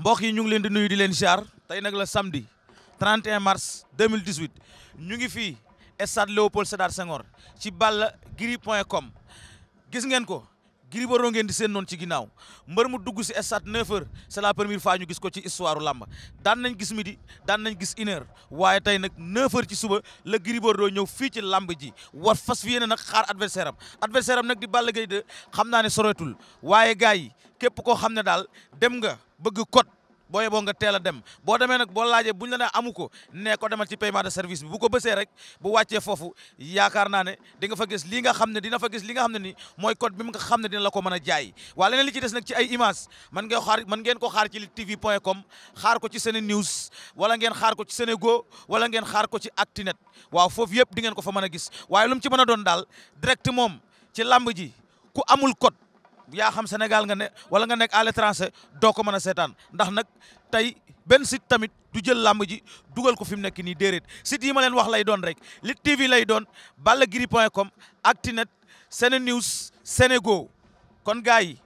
mbok yi ñu ngi leen di nuyu di leen ziar tey nag la samedi 31 mars 2018 ñu ngi fii stade Léopold Sédar Senghor ci balla gri point com gis ngeen ko Gris Bordeaux ngeen di seen noonu ci ginnaaw mbër mu dugg si stade 9h c'est la première fois ñu gis ko ci histoire làmb daan nañ gis midi daan nañ gis une waaye tey nag 9 ci suba la Gris Bordeaux ñëw fii ci làmb ji war fas fi yéene nag xaar adversaire am adversaire am nag di Balla gay de xam naa ne soreetul waaye gaa yi képp koo xam ne daal dem nga bëgg kot boo yeboo nga teel a dem boo demee nag boo laajee buñ la ne amu ko nee ko demal ci paiement de service bi bu ko bësee rek bu wàccee foofu yaakaar naa ne di nga fa gis lii nga xam ne dina fa gis li nga xam ne ni mooy code bi nga xam ne dina la ko mën a jaay waa leneen li ci des nag ci ay image man ngeen xaar man ngeen ko xaar ci tv point com xaar ko ci Sene News wala ngeen xaar ko ci Senego wala ngeen xaar ko ci Actinet waaw foofu yëpp dingeen ko fa mën a gis waaye lu ci mën a doon daal direct moom ci ji ku amul code yaa xam Sénégal nga ne wala nga nekk à l'étranger doo ko mën a seetaan ndax nag tey benn site tamit du jël làmb ji dugal ko fi mu nekk nii dérét sit yi ma leen wax lay doon rek li TV lay doon balagri point com Actinet Senenews Senego kon gars yi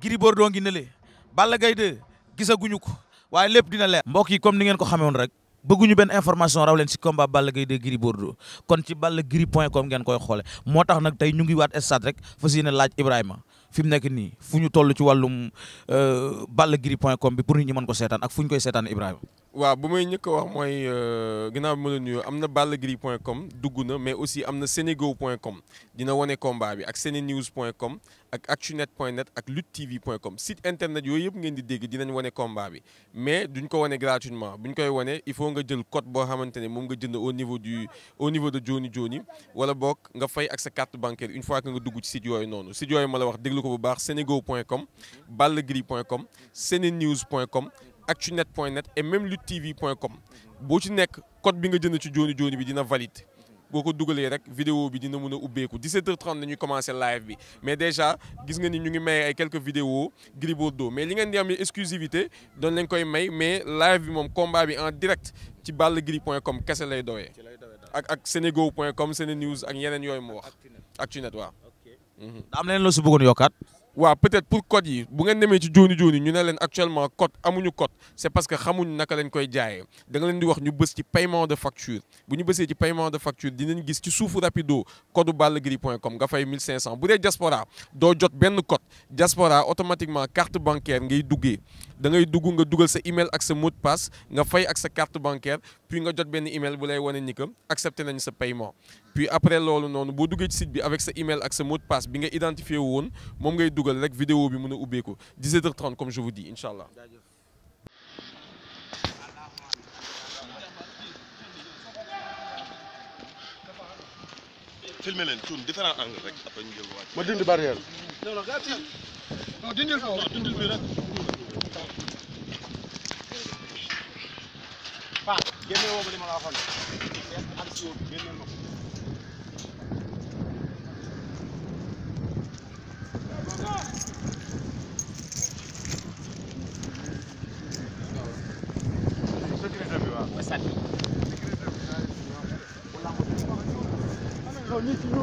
Gris Bordeaux ngi nële Balla Gaye 2 gisaguñu ko waaye lépp dina leer. mbokk yi comme ni ngeen ko xamee woon rek. bëgguñu benn information raw leen ci combat Balla Gaye de Gris Bordeaux kon ci ballagri point ngeen koy xoole moo tax nag tey ñu ngi waat stade rek fas yéene laaj Ibrahima fi mu nekk nii fu ñu toll ci wàllum euh, Balla Gris point com bi pour nit ñi ko seetaan ak fu ñu koy seetaan Ibrahima. waaw bu may njëkk a wax mooy euh, ginnaaw bi ma la nuyoo am na ballegri point comme dugg na mais aussi am na senego point com dina wane combat bi ak senenews point com ak actunet point net ak lutte tv point com site internet yooyu yëpp ngeen di dégg dinañ wane combat bi mais duñ ko wane gratuitement ñu koy wane il faut nga jël code boo xamante ne moom nga jënd au niveau du au niveau de Joni Joni wala boog nga fay ak sa carte bancaire une fois que nga dugg ci site yooyu noonu site yooyu ma wax déglu ko bu baax senego point com ballegri point com senenews point com actunet point net et même luttetv.com boo ci nekk code bi nga jënd ci jooni jooni bi dina valide boo ko dugalee rek vidéo bi dina mun a ubbeeku 17h30 nañu commencé live bi mais déjà gis nga ni ñu ngi may ay quelques vidéos Gris Bordeaux mais li ngeen di am exclusivité doon lañ koy may mais live bi moom combat bi en direct ci gri ballgris.com kese lay doyee ak ak comme sene news ak yeneen yooyu mu wax actunet waaw mhm. am leen la su bëggoon yokkaat waaw peut-être pour code yi bu ngeen demee ci jooni jooni ñu ne leen actuellement code amuñu code c'est parce que xamuñ naka lañ koy jaayee da leen di wax ñu bës ci paiement de facture bu ñu bësee ci paiement de facture dinañ gis ci suufu rapido code ballegri point com nga fay 1500 bu dee diaspora doo jot benn code diaspora automatiquement carte bancaire ngay duggee da ngay dugg nga dugal sa email ak sa mot de nga fay ak sa carte bancaire puis nga jot benn email bu lay wane ni que accepté sa paiement puis après loolu noonu boo duggee ci site bi avec sa email ak sa mot bi nga identifié woon moom ngay dugg dugal rek vidéo bi mën a ubbeeku 17h30 comme je vous dis incha allah. filmer leen tuuti différent angle rek après ñu jël wàcc. ma dindi barrière. non non non dindil ko dindil bi rek. Paa génne woo ma li ma la waxoon. Pardon, ni si nous.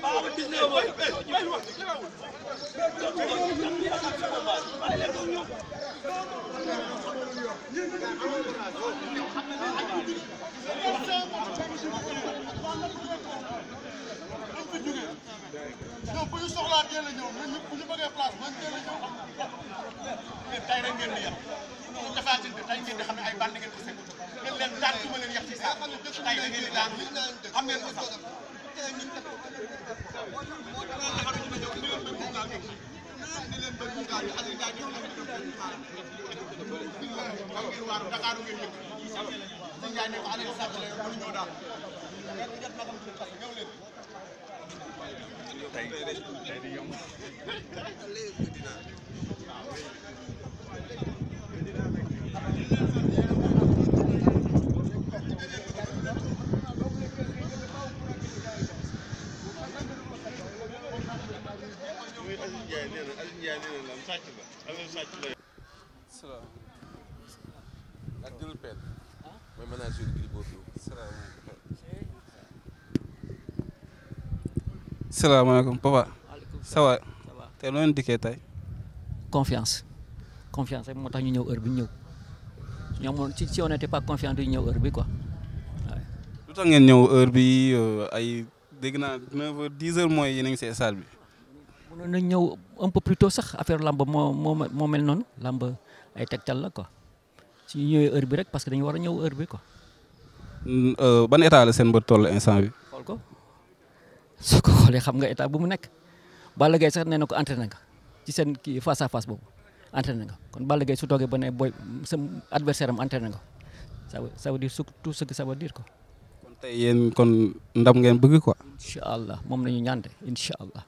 Baba, this is no way. ñoom bu ñu soxlaa teel a ñëw ñun bu ñu bëggee place man teel a ñëw mais tey rek ngeen di yàq su tafaatin bi tey ngeen di xam ne ay bànn ngeen ko sekk ngeen leen daan su ma leen yàq ci saa tey da ngeen di daan xam ngeen ko sax Dakar ngeen yëg. Sëñ Ndiaye ne ko Aliou Sall la mënuñoo daal. yi di yomb. salaamaaleykum. ak jëlul peel. mooy manager Gris Bordeaux. salaamaaleykum. salaamaaleykum papa. ça va te loo leen dikkee confiance confiance moo tax ñu ñëw heure bi ñu ñëw ñoom moom si si on n'était pas confiant du ñëw heure bi quoi waaw. lu tax ngeen ñëw heure bi euh, ay dégg naa 9 heures 10 heures mooy yéen a ngi see salle bi. mënoon nañ ñëw un peu plus tôt sax affaire làmb moo moo moo mel noonu làmb ay tegtal la ko su ñu ñëwee heure bi rek parce que dañu war a ñëw heure bi ko euh, ban état la seen bët toll instant bi. xool ko ko xoolee xam nga état bu mu nekk. Balla Gaye sax nee na ko entraîné nga ci seen kii face à face boobu entraîné nga kon Balla Gaye su toogee ba ne booy sa adversaire am entraîné nga ça veut ça veut dire tout ce que ça veut dire ndam ngeen bëgg quoi. incha allah moom la ñu ñaan de incha allah.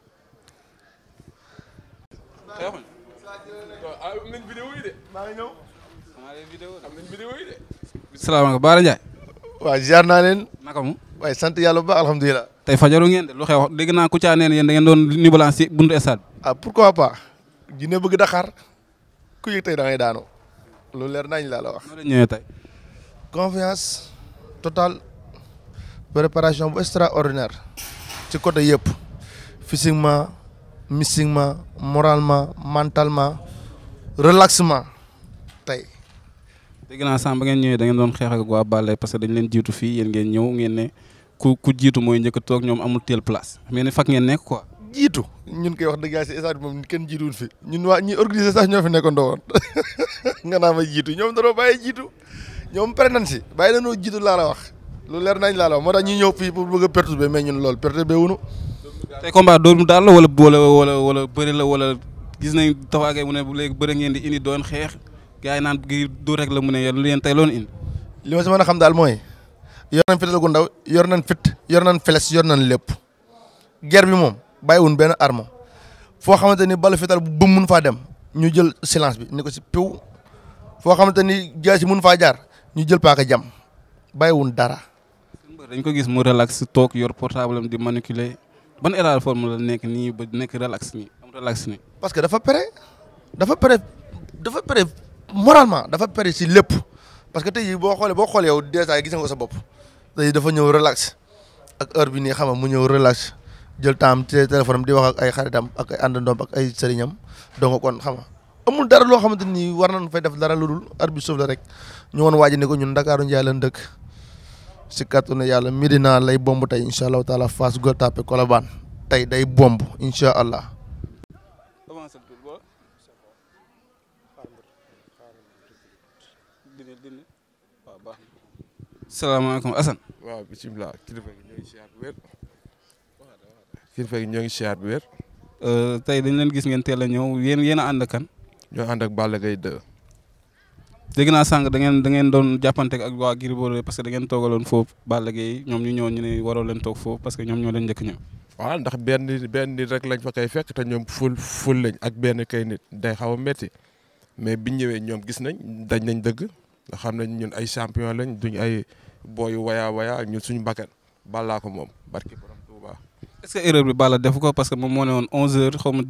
salaamaaleykum Baara Ndiaye. waaw naa leen. naka mu. waaye sant yàlla bu baax tey fajaru ngeen de lu xew dégg naa Kouthia nee na yéen da ngeen doon ni balance ci buntu stade ah, pourquoi pas. Guinée bëgg Dakar ku yëg tey da daanu loolu leer nañ laa la wax. tey. confiance total préparation bu extraordinaire ci côté yëpp physiquement mystiquement moralement mentalement relaxement tey. dégg naa sàmm ba ngeen ñëwee da ngeen doon xeex ak waa Balla parce que dañ leen jiitu fii yéen ngeen ñëw ngeen ne. ku ku jiitu mooy njëkk toog ñoom amul teel place mais ne fak ngeen nekk quoi. jiitu ñun koy wax dëgg si stade bi moom kenn jiituwul fi ñun waa ñi organisé sax ñoo fi nekkoon doon nga naa ma jiitu ñoom danoo bàyyi jiitu ñoom pare nañ si bàyyi la wax lu leer nañ laa la wax moo tax ñuy ñëw fii pour bëgg a perturber mais ñun loolu perturber wunu tey combat doomu daal la wala wala wala wala la wala gis nañ ta mu ne léegi bëri ngeen di indi doon xeex gars yi naan gi du rek la mu ne yéen tey loolu indi. li si mën a xam daal mooy yor nañ fital ndaw yor nañ fit yor nañ feles yor nañ lépp guerre bi moom bàyyiwun benn armo foo xamante ni balu fital bu mun faa dem ñu jël silence bi ni ko si piw foo xamante ni jaasi mun faa jaar ñu jël paaka jam bàyyiwun dara. dañ ko gis mu relax toog yor portable am di manipuler ban erreur forme la nekk nii ba nekk relax nii am relax nii. parce que dafa pare dafa pare dafa pare moralement dafa pare si lépp parce que tey jii boo xoolee boo xoolee yow gisa gis sa bopp. tey dafa ñëw relax ak heure bi nii xam nga mu ñëw relax jël temps ci téléphone am di wax ak ay xaritam ak ay àndandoom ak ay sëriñam donc kon xam nga amul dara loo xamante ni war nañ fay def dara lu dul heure bi rek ñu woon waaji ne ko ñun Ndakaaru Njaay lañ dëkk si kàttu ne yàlla naa lay bomb tey incha allahu taala Fass Gueule Tapée Colobane tey day bomb incha allah. salaamaaleykum Assane. waaw bisimilah kilifa gi ñoo ngi siyaat bu wér. ñoo ngi siyaat bu wér. Euh, tey dañ leen gis ngeen teel a ñëw yéen yéen a ànd kan. ñoo ànd ak Balla Gaye 2. dégg naa sànq da ngeen da ngeen doon jàppante ak waa Gris Bordeaux parce que da ngeen toogaloon foofu Balla Gaye ñoom ñu ñëw ñu ne waroo leen toog foofu parce que ñoom ñoo leen njëkk ñëw. waaw ndax benn benn nit rek lañ fa koy fekk te ñoom ful ful leñ ak benn kay nit day xaw a métti mais biñ ñëwee ñoom gis nañ dañ nañ dëgg nga xam ne ñun ay champion lañ duñ ay booyu waya waya ñun suñu bakkan bàllaa ko moom barki borom Tuuba. est-ce que erreur bi Balla def ko parce que moom moo ne woon onze heures xaw ma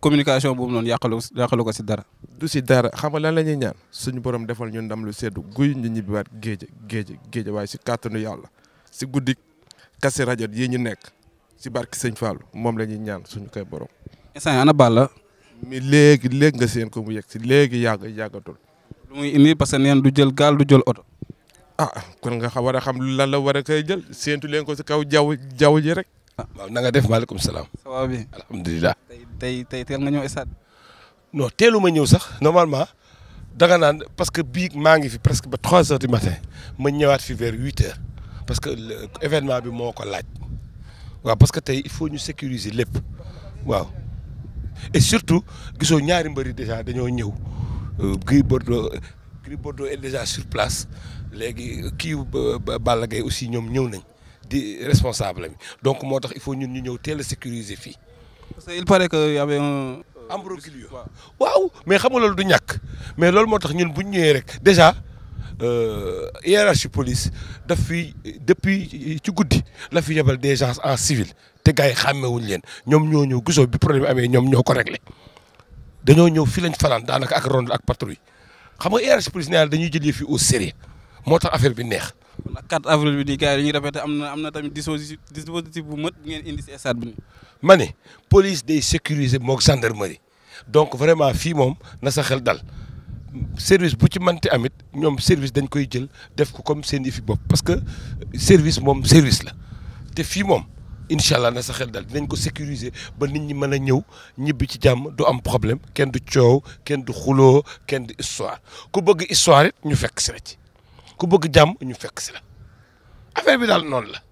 communication boobu noonu yàqalu yàqalu ko si dara. du si dara xam nga lan la ñuy ñaan suñu borom defal ñun ndam lu seddu guy ñu ñibbiwaat géej géej géej waaye si kàttanu yàlla si guddi si rajo yi ñu nekk si barki Sëñ Fallou moom la ñuy ñaan suñ koy borom. instant ana Balla mi léegi léegi nga seen ko mu yegg si léegi yàgg yàggatul. lu muy indi parce que neen du jël gaal du jël oto. ah kon nga war a xam lan la war a koy jël séentu leen ko si kaw jaww jaww ji rek. Ah, waaw na nga def maaleykum salaam. ça va bien tey tey tey teel nga ñëw stade. teelu ma ñëw sax normalement danga naan parce que bii maa ngi fi presque ba trois heures du matin ma ñëwaat fi vers huit heures parce que événement bi moo ko laaj waaw parce que tey il faut ñu sécuriser lépp waaw. et surtout gisoo ñaari mbëri déjà dañoo ñëw euh, Gris Bordeaux Gris Bordeaux et déjà sur place léegi kii Balla Gaye aussi ñoom ñëw nañ di responsable bi donc moo tax il faut ñun ñu ñëw teel a sécuriser fii. parce que il paraît que y avait un. Euh, ambroglio waaw mais xam nga loolu du ñàkk mais loolu moo tax ñun bu ñu ñëwee rek déjà. Euh, hiérarchie police daf fi depuis ci guddi la fi yebal des en civil te gars yi xàmmewuñ leen ñoom ñoo ñëw gisoo bi problème amee ñoom ñoo ko réglé dañoo ñëw fi lañ fanaan daanaka ak ronde ak patrouille xam nga hiérarchie police nee dañuy jël yëf yi au sérieux moo tax affaire bi neex. 4 avril bi di gars yi dañuy répété am na am na tamit dispositif bu mët ngeen indi si stade bi. ma ne police day sécuriser moog gendarmerie donc vraiment fii moom na sax xel dal. service bu ci manti amit ñoom service dañ koy jël def ko comme seen yëfi bopp parce que service moom service la te fii moom incha allah na sa xel daal dinañ ko sécuriser ba nit ñi mën a ñëw ñibbi ci jàmm du am problème kenn du coow kenn du xuloo kenn du histoire ku bëgg histoire it ñu fekk si la ci ku bëgg jàmm ñu fekk si la affaire bi daal noonu la.